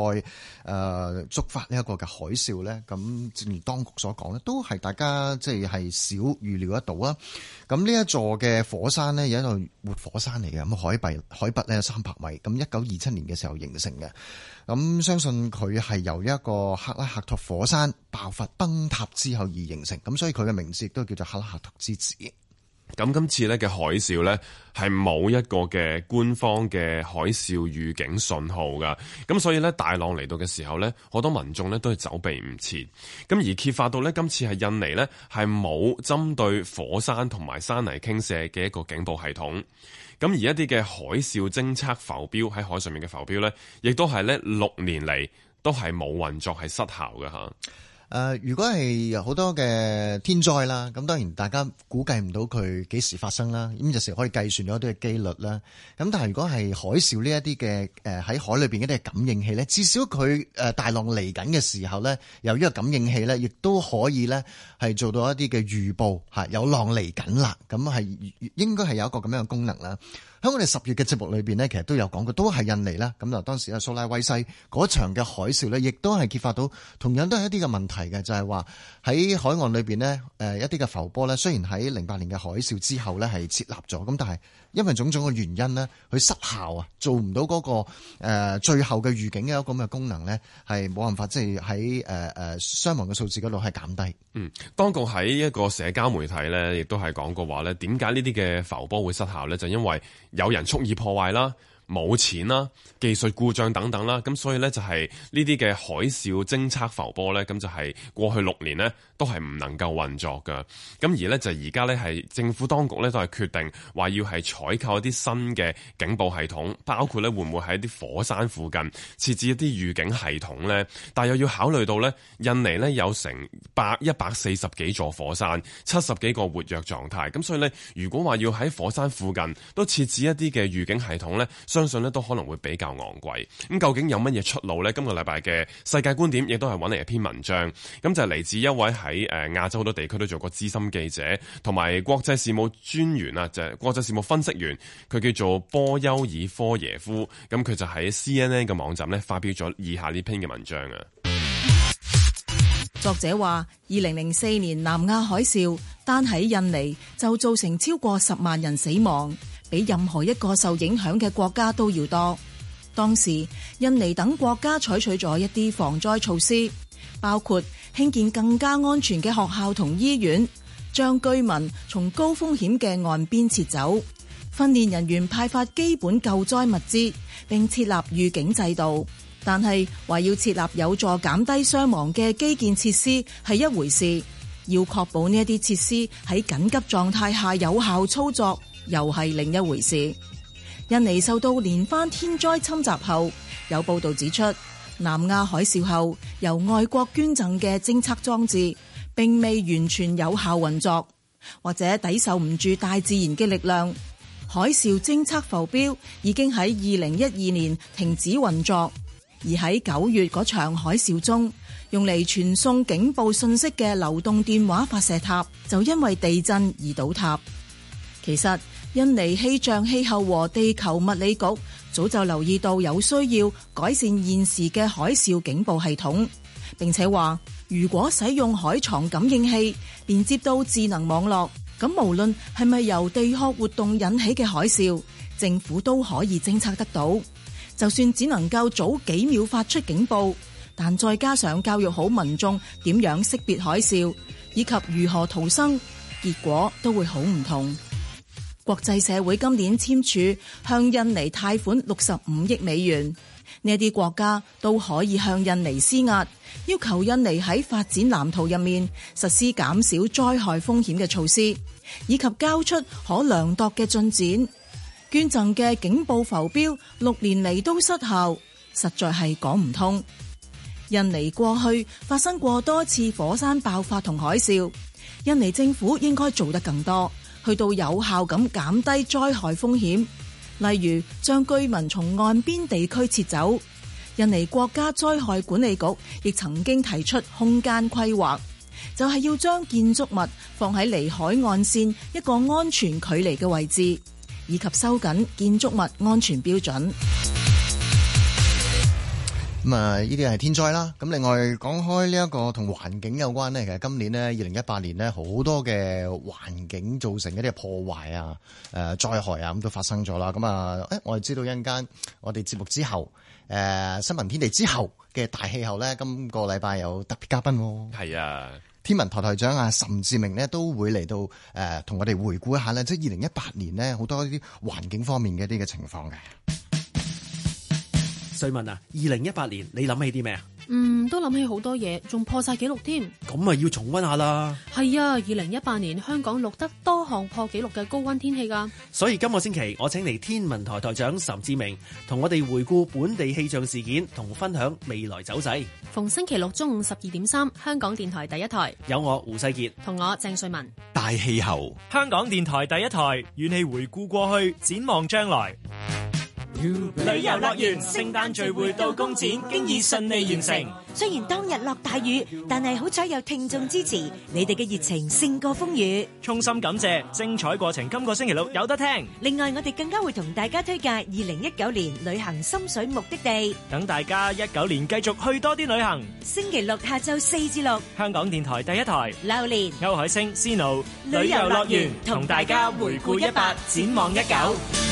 誒觸發呢一個嘅海嘯咧，咁正如當局所講咧，都係大家即係係少預料得到啦，咁呢一座嘅火山咧，有一座活火山嚟嘅，咁海拔海拔咧三百米，咁一九二七年嘅時候形成嘅，咁相信佢係由一個克拉克托火山爆發崩塌之後而形成，咁所以佢嘅名字亦都叫做克拉克托之子。咁今次咧嘅海嘯咧，係冇一個嘅官方嘅海嘯預警信號噶，咁所以咧大浪嚟到嘅時候咧，好多民眾咧都係走避唔切。咁而揭發到咧今次係印尼咧係冇針對火山同埋山泥傾瀉嘅一個警報系統。咁而一啲嘅海嘯偵測浮標喺海上面嘅浮標咧，亦都係咧六年嚟都係冇運作係失效嘅㗎。誒，如果係有好多嘅天災啦，咁當然大家估計唔到佢幾時發生啦，咁就成日可以計算咗一啲嘅機率啦。咁但係如果係海嘯呢一啲嘅誒喺海裏面一啲嘅感應器咧，至少佢大浪嚟緊嘅時候咧，由於個感應器咧，亦都可以咧係做到一啲嘅預報嚇，有浪嚟緊啦，咁係應該係有一個咁樣嘅功能啦。喺我哋十月嘅節目裏邊呢，其實都有講過，都係印尼啦。咁就當時啊，蘇拉威西嗰場嘅海嘯呢，亦都係揭發到同樣都係一啲嘅問題嘅，就係話喺海岸裏邊呢，誒一啲嘅浮波呢，雖然喺零八年嘅海嘯之後呢，係設立咗，咁但係。因為種種嘅原因咧，佢失效啊，做唔到嗰、嗰個、呃、最後嘅預警嘅一個咁嘅功能咧，係冇辦法即係喺誒誒傷亡嘅數字嗰度係減低。嗯，當局喺一個社交媒體咧，亦都係講過嘅話咧，點解呢啲嘅浮波會失效咧？就係、因為有人蓄意破壞啦。冇錢啦，技術故障等等啦，咁所以呢，就係呢啲嘅海嘯偵測浮波呢。咁就係過去六年呢，都係唔能夠運作㗎。咁而呢，就而家呢，係政府當局呢，都係決定話要係採購一啲新嘅警報系統，包括呢會唔會喺啲火山附近設置一啲預警系統呢？但又要考慮到呢，印尼呢，有成百一百四十幾座火山，七十幾個活躍狀態，咁所以呢，如果話要喺火山附近都設置一啲嘅預警系統呢。相信咧，都可能會比較昂貴，咁究竟有乜嘢出路呢？今個禮拜嘅世界觀點亦都係揾嚟一篇文章，咁就係嚟自一位喺誒亞洲好多地區都做過資深記者同埋國際事務專員啊，就係國際事務分析員，佢叫做波丘爾科耶夫，咁佢就喺 CNN 嘅網站咧，發表咗以下呢篇嘅文章啊。作者話：二零零四年南亞海嘯，單喺印尼就造成超過十萬人死亡。比任何一個受影響嘅國家都要多。當時，印尼等國家採取咗一啲防災措施，包括興建更加安全嘅學校同醫院，將居民從高風險嘅岸邊撤走，訓練人員派發基本救災物資，並設立預警制度。但係話要設立有助減低傷亡嘅基建設施係一回事，要確保呢一啲設施喺緊急狀態下有效操作。又係另一回事。印尼受到連番天災侵襲後，有報道指出，南亞海嘯後由外國捐贈嘅偵測裝置，並未完全有效運作，或者抵受唔住大自然嘅力量。海嘯偵測浮標已經喺二零一二年停止運作，而喺九月嗰場海嘯中，用嚟傳送警報信息嘅流動電話發射塔就因為地震而倒塌。其實。印尼氣象氣候和地球物理局早就留意到有需要改善現時嘅海嘯警報系統，並且話如果使用海床感應器連接到智能網絡，咁無論係咪由地殼活動引起嘅海嘯，政府都可以偵測得到。就算只能夠早幾秒發出警報，但再加上教育好民眾點樣識別海嘯以及如何逃生，結果都會好唔同。國際社會今年簽署向印尼貸款六十五億美元，呢啲國家都可以向印尼施壓，要求印尼喺發展藍圖入面實施減少災害風險嘅措施，以及交出可量度嘅進展。捐贈嘅警報浮標六年嚟都失效，實在係講唔通。印尼過去發生過多次火山爆發同海嘯，印尼政府應該做得更多。去到有效咁減低災害風險，例如將居民從岸邊地區撤走。印尼國家災害管理局亦曾經提出空間規劃，就係要將建築物放喺離海岸線一個安全距離嘅位置，以及收緊建築物安全標準。咁啊，呢啲係天災啦。咁另外講開呢一個同環境有關咧，其實今年咧，二零一八年咧，好多嘅環境造成一啲破壞啊、誒災害啊，咁都發生咗啦。咁啊，誒我哋知道一陣間我哋節目之後，誒新聞天地之後嘅大氣候咧，今個禮拜有特別嘉賓，係啊天文台台長啊，岑志明咧都會嚟到誒同我哋回顧一下咧，即係二零一八年咧好多啲環境方面嘅一啲嘅情況嘅。瑞文啊，二零一八年你諗起啲咩啊？嗯，都諗起好多嘢，仲破晒紀錄添。咁啊，要重温下啦。係啊，二零一八年香港錄得多項破紀錄嘅高温天氣噶啊。所以今個星期我請嚟天文台台長岑志明，同我哋回顧本地氣象事件，同分享未來走勢。逢星期六中午十二點三，香港電台第一台有我胡世杰同我鄭瑞文。大氣候，香港電台第一台，與你回顧過去，展望將來。旅遊樂園聖誕聚會到公展，經已順利完成。雖然當日落大雨，但係好彩有聽眾支持，你哋嘅熱情勝過風雨。衷心感謝，精彩過程今個星期六有得聽。另外，我哋更加會同大家推介二零一九年旅行心水目的地，等大家一九年繼續去多啲旅行。星期六下晝四至六，香港電台第一台，劉蓮、歐海星、CNO，旅遊樂園同大家回顧一八，展望一九。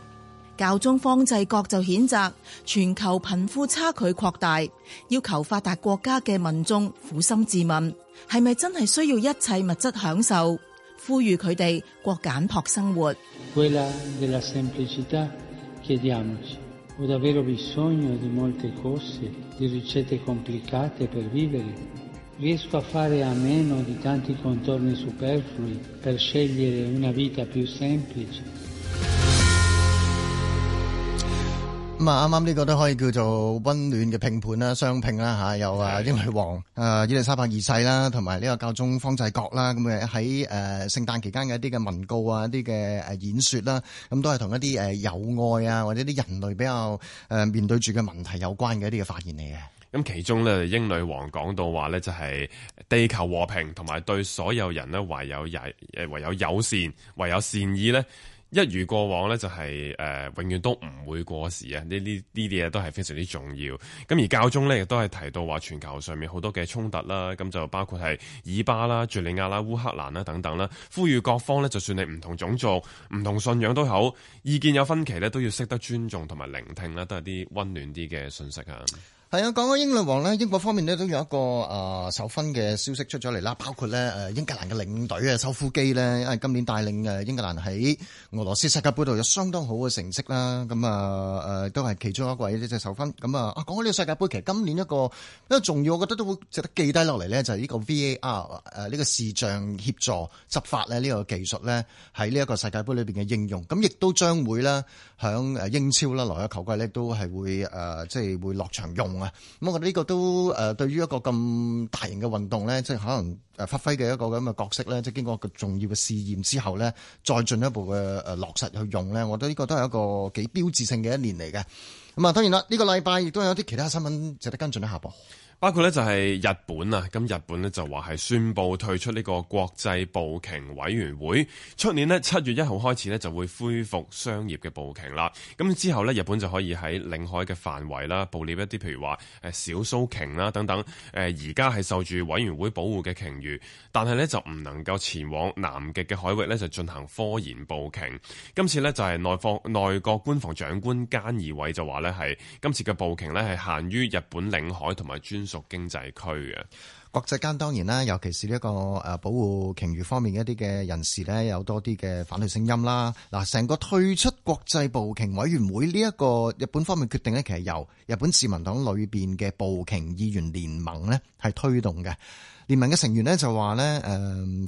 教宗方濟各就譴責全球貧富差距擴大，要求發達國家嘅民眾撫心自問，係咪真係需要一切物質享受？呼籲佢哋過簡樸生活。 咁啊，啱啱呢個都可以叫做温暖嘅拼盤啦，雙拼啦嚇，有啊英女王、啊伊麗莎白二世啦，同埋呢個教宗方濟各啦，咁喺誒聖誕期間嘅一啲嘅文告啊，一啲嘅誒演説啦，咁都係同一啲誒友愛啊，或者啲人類比較誒面對住嘅問題有關嘅一啲嘅發言嚟嘅。咁其中咧，英女王講到話咧，就係地球和平同埋對所有人咧，唯有友誼，唯有友善，唯有善意咧。一如過往呢就係、是、誒、呃、永遠都唔會過時啊！呢啲呢啲嘢都係非常之重要。咁而教宗呢，亦都係提到話，全球上面好多嘅衝突啦，咁就包括係以巴啦、敍利亞啦、烏克蘭啦等等啦，呼籲各方呢就算你唔同種族、唔同信仰都好，意見有分歧呢都要識得尊重同埋聆聽啦，都係啲温暖啲嘅信息啊！係啊，講緊英女王咧，英國方面咧都有一個誒授勳嘅消息出咗嚟啦，包括咧誒英格蘭嘅領隊啊，修夫基咧，因為今年帶領誒英格蘭喺俄羅斯世界杯度有相當好嘅成績啦，咁啊誒都係其中一位呢隻授勳。咁啊啊講緊呢個世界杯，其實今年一個一個重要，我覺得都會值得記低落嚟咧，就係呢個 VAR 誒呢個視像協助執法咧呢個技術咧喺呢一個世界杯裏邊嘅應用，咁亦都將會咧響誒英超啦，來嘅球季咧都係會誒即係會落場用。咁我覺得呢個都誒，對於一個咁大型嘅運動咧，即係可能誒發揮嘅一個咁嘅角色咧，即係經過一個重要嘅試驗之後咧，再進一步嘅誒落實去用咧，我覺得呢個都係一個幾標誌性嘅一年嚟嘅。咁啊，當然啦，呢個禮拜亦都有啲其他新聞值得跟進一下噃。包括呢就係日本啊，咁日本咧就話係宣布退出呢個國際捕鯨委員會，出年咧七月一號開始咧就會恢復商業嘅捕鯨啦。咁之後咧日本就可以喺領海嘅範圍啦捕獵一啲譬如話誒小鬚鯨啦等等誒而家係受住委員會保護嘅鯨魚，但係咧就唔能夠前往南極嘅海域咧就進行科研捕鯨，今次咧就係內方內閣官房長官菅義偉就話咧係今次嘅捕鯨咧係限於日本領海同埋專屬。屬經濟區嘅。國際間當然啦，尤其是呢一個誒保護鯨魚方面一啲嘅人士呢，有多啲嘅反對聲音啦。嗱，成個退出國際捕鯨委員會呢一個日本方面決定呢，其實由日本自民黨裏邊嘅捕鯨議員聯盟呢係推動嘅。聯盟嘅成員呢就話呢，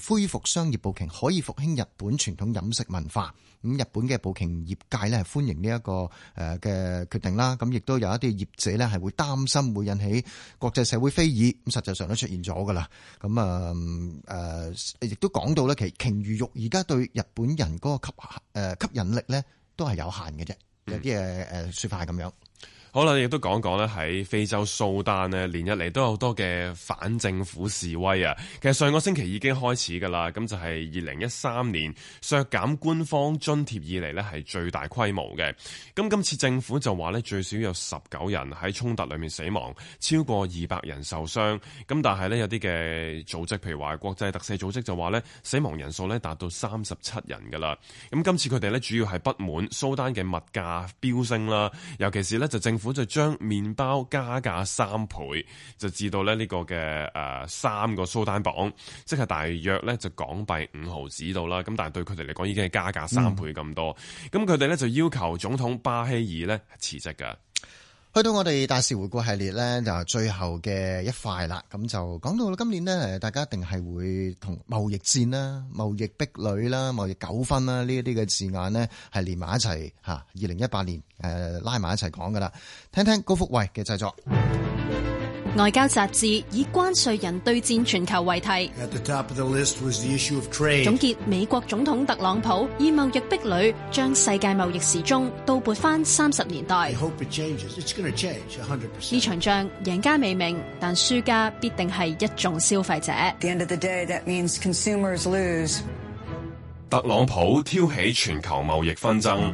誒，恢復商業捕鯨可以復興日本傳統飲食文化。咁日本嘅捕鯨業界呢，係歡迎呢一個誒嘅決定啦。咁亦都有一啲業者呢係會擔心會引起國際社會非議。咁實際上都出現。變咗噶啦，咁啊誒，亦都講到咧，其實鯨魚肉而家對日本人嗰個吸誒吸引力咧，都係有限嘅啫，有啲誒誒說法係咁樣。好啦，亦都講講咧喺非洲蘇丹呢，連日嚟都有好多嘅反政府示威啊！其實上個星期已經開始噶啦，咁就係二零一三年削減官方津貼以嚟呢係最大規模嘅。咁今次政府就話呢，最少有十九人喺衝突裏面死亡，超過二百人受傷。咁但係呢，有啲嘅組織，譬如話國際特赦組織就話呢死亡人數呢達到三十七人噶啦。咁今次佢哋呢，主要係不滿蘇丹嘅物價飆升啦，尤其是呢就政府。府就將麵包加價三倍，就至到咧、這、呢個嘅誒、呃、三個蘇丹鎊，即係大約咧就港幣五毫子度啦。咁但係對佢哋嚟講，已經係加價三倍咁多。咁佢哋咧就要求總統巴希爾咧辭職噶。去到我哋大事回顧系列咧，就最後嘅一塊啦。咁就講到今年咧，誒，大家一定係會同貿易戰啦、貿易壁壘啦、貿易糾紛啦，呢一啲嘅字眼咧，係連埋一齊吓。二零一八年誒，拉埋一齊講噶啦。聽聽高福衛嘅製作。外交雜誌以關稅人對戰全球為題，總結美國總統特朗普以貿易壁壘，將世界貿易時鐘倒撥翻三十年代。呢 it 場仗贏家未明，但輸家必定係一眾消費者。Day，特朗普挑起全球貿易紛爭。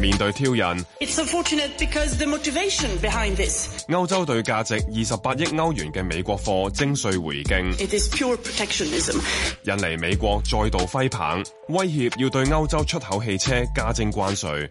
面對挑釁，It's unfortunate because the motivation behind this. 歐洲對價值二十八億歐元嘅美國貨徵稅回敬，It is pure protectionism. 引嚟美國再度揮棒，威脅要對歐洲出口汽車加徵關稅。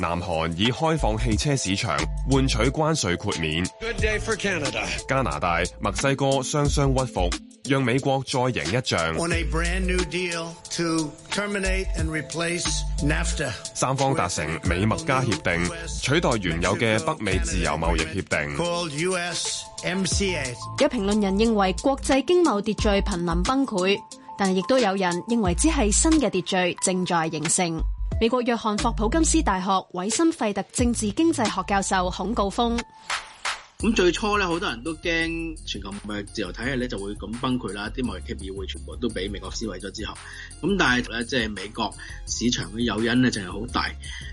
南韓以開放汽車市場換取關稅豁免，加拿大、墨西哥雙雙屈服，讓美國再贏一仗。NAFTA，三方達成美墨加協定，美墨加協定，取代原有嘅北美自由貿易協定。有評論人認為國際經貿秩序瀕臨崩潰，但係亦都有人認為只係新嘅秩序正在形成。美國約翰霍普金斯大學韋森費特政治經濟學教授孔高峰。咁最初咧，好多人都驚全球嘅自由體系咧就會咁崩潰啦，啲貿易協議會全部都俾美國撕毀咗之後，咁但係咧即係美國市場嘅誘因咧淨係好大，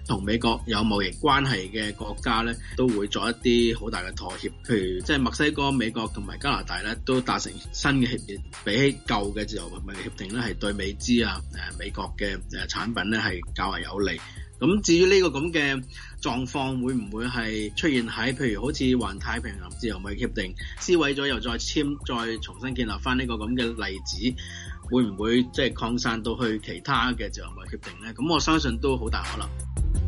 同美國有貿易關係嘅國家咧都會作一啲好大嘅妥協，譬如即係墨西哥、美國同埋加拿大咧都達成新嘅協議，比起舊嘅自由貿易協定咧係對美資啊、誒美國嘅誒產品咧係較為有利。咁至於呢個咁嘅狀況會唔會係出現喺譬如好似環太平洋自由貿易協定撕毀咗，又再簽，再重新建立翻呢個咁嘅例子，會唔會即係擴散到去其他嘅自由貿易協定呢？咁我相信都好大可能。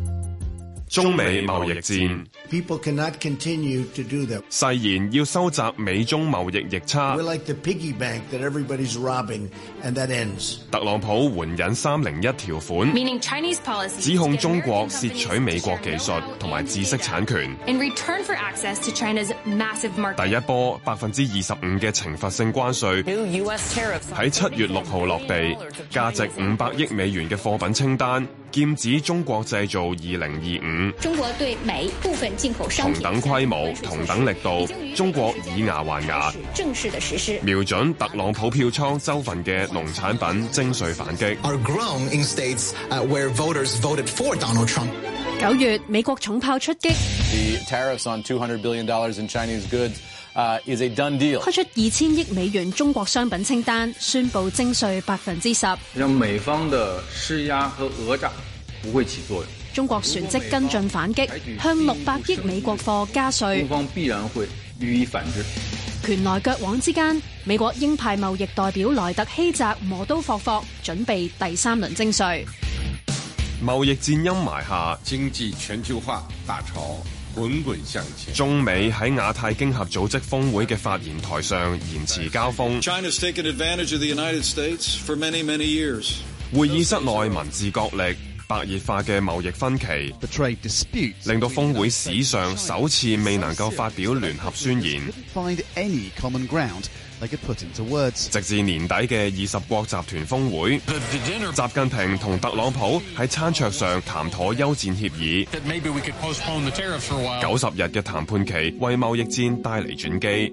中美貿易戰，易戰誓言要收窄美中貿易逆差。Like、robbing，特朗普援引三零一條款，指控中國竊取美國技術同埋知識產權。In for to 第一波百分之二十五嘅懲罰性關稅喺七月六號落，so、落地，價值五百億美元嘅貨品清單。劍指中國製造二零二五，中國對美部分進口商品同等規模、同等力度，中國以牙還牙，正式嘅實施瞄準特朗普票倉州份嘅農產品徵稅反擊。九月，美國重炮出擊。The 推、uh，出二千億美元中國商品清單，宣布徵稅百分之十。讓美方的施壓和訛詐不會起作用。中國隨即跟進反擊，向六百億美國貨加稅。中方必然會予以反制。拳來腳往之間，美國鷹派貿易代表萊特希澤磨刀霍霍霍，準備第三輪徵稅。貿易戰陰霾下，經濟全球化大潮。中美喺亞太經合組織峰會嘅發言台上言辭交鋒。China's taking advantage of the United States for many, many years. But those days are... 會議室內文字角力、白熱化嘅貿易分歧，令到峰會史上首次未能夠發表聯合宣言。直至年底嘅二十國集團峰會，習 dinner... 近平同特朗普喺餐桌上談妥休戰協議。九十日嘅談判期為貿易戰帶嚟轉機。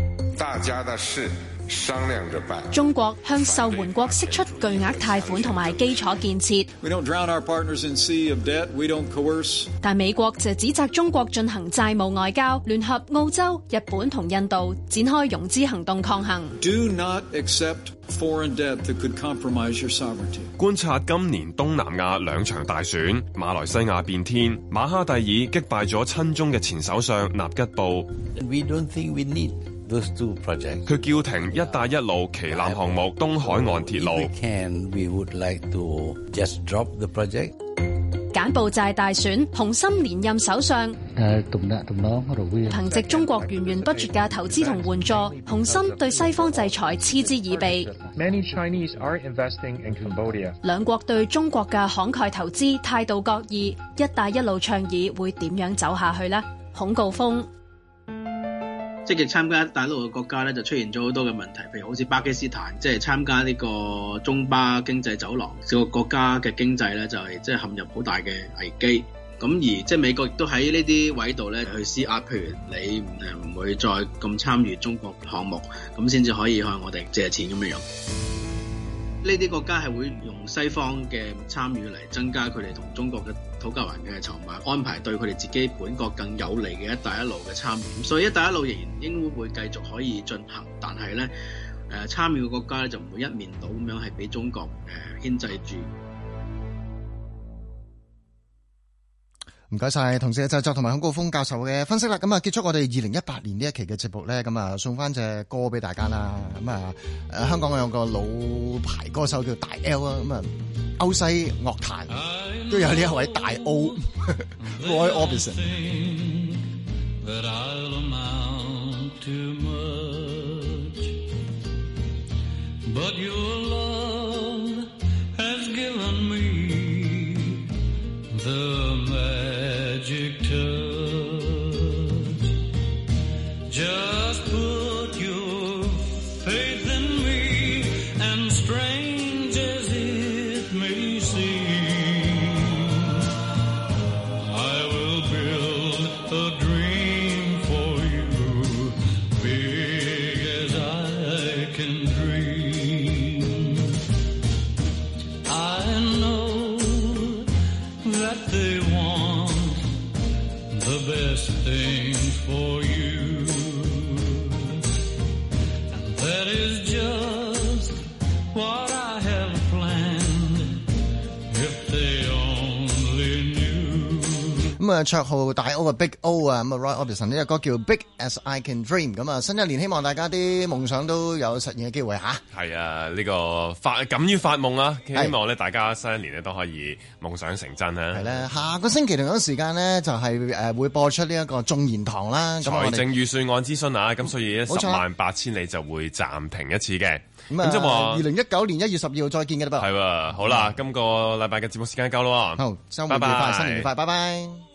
大家的事商量着辦。中國向受援國釋出巨額貸款同埋基礎建設。但美國就指責中國進行債務外交，聯合澳洲、日本同印度展開融資行動抗衡。Do not accept foreign debt that could compromise your sovereignty. 觀察今年東南亞兩場大選，馬來西亞變天，馬哈蒂爾擊敗咗親中嘅前首相納吉布。佢叫停一帶一路旗艦項目東海岸鐵路。w 柬埔寨大選，洪森連任首相。誒，同憑藉中國源源不絕嘅投資同援助，洪森對西方制裁嗤之以鼻。兩國對兩國對中國嘅慷慨投資態度各異，一帶一路倡議會點樣走下去呢？孔高峯。積極參加大陸嘅國家咧，就出現咗好多嘅問題，譬如好似巴基斯坦，即係參加呢個中巴經濟走廊，這個國家嘅經濟咧就係即係陷入好大嘅危機。咁而即係美國亦都喺呢啲位度咧去施壓，譬如你誒唔會再咁參與中國項目，咁先至可以向我哋借錢咁樣樣。呢啲國家係會用西方嘅參與嚟增加佢哋同中國嘅討價還價嘅籌碼，安排對佢哋自己本國更有利嘅一帶一路嘅參與。咁所以一帶一路仍然應該會繼續可以進行，但係呢誒參與嘅國家咧就唔會一面倒咁樣係俾中國誒呃、牽制住。唔該曬，同事嘅製作同埋孔高峰教授嘅分析啦。咁啊，結束我哋二零一八年呢一期嘅直播咧。咁啊，送翻隻歌俾大家啦。咁啊，誒香港有個老牌歌手叫大 L 啊。咁啊，歐西樂壇都有呢一位大 O。綽號大 O 啊，Big O 啊，咁啊，Roy Orbison 呢個歌叫《Big As I Can Dream》咁啊，新一年希望大家啲夢想都有實現嘅機會吓。係啊，呢、啊這個發敢於發夢啦、啊，希望咧大家新一年咧都可以夢想成真啊。係啦、啊，下個星期同一時間咧就係、是、誒、呃、會播出呢一個眾言堂啦。財政預算案諮詢啊，咁所以十萬八千里就會暫停一次嘅。咁即係二零一九年一月十二號再見嘅啦噃。係喎、啊，好啦，嗯、今個禮拜嘅節目時間夠咯。好，周末愉快，新年愉快，拜拜。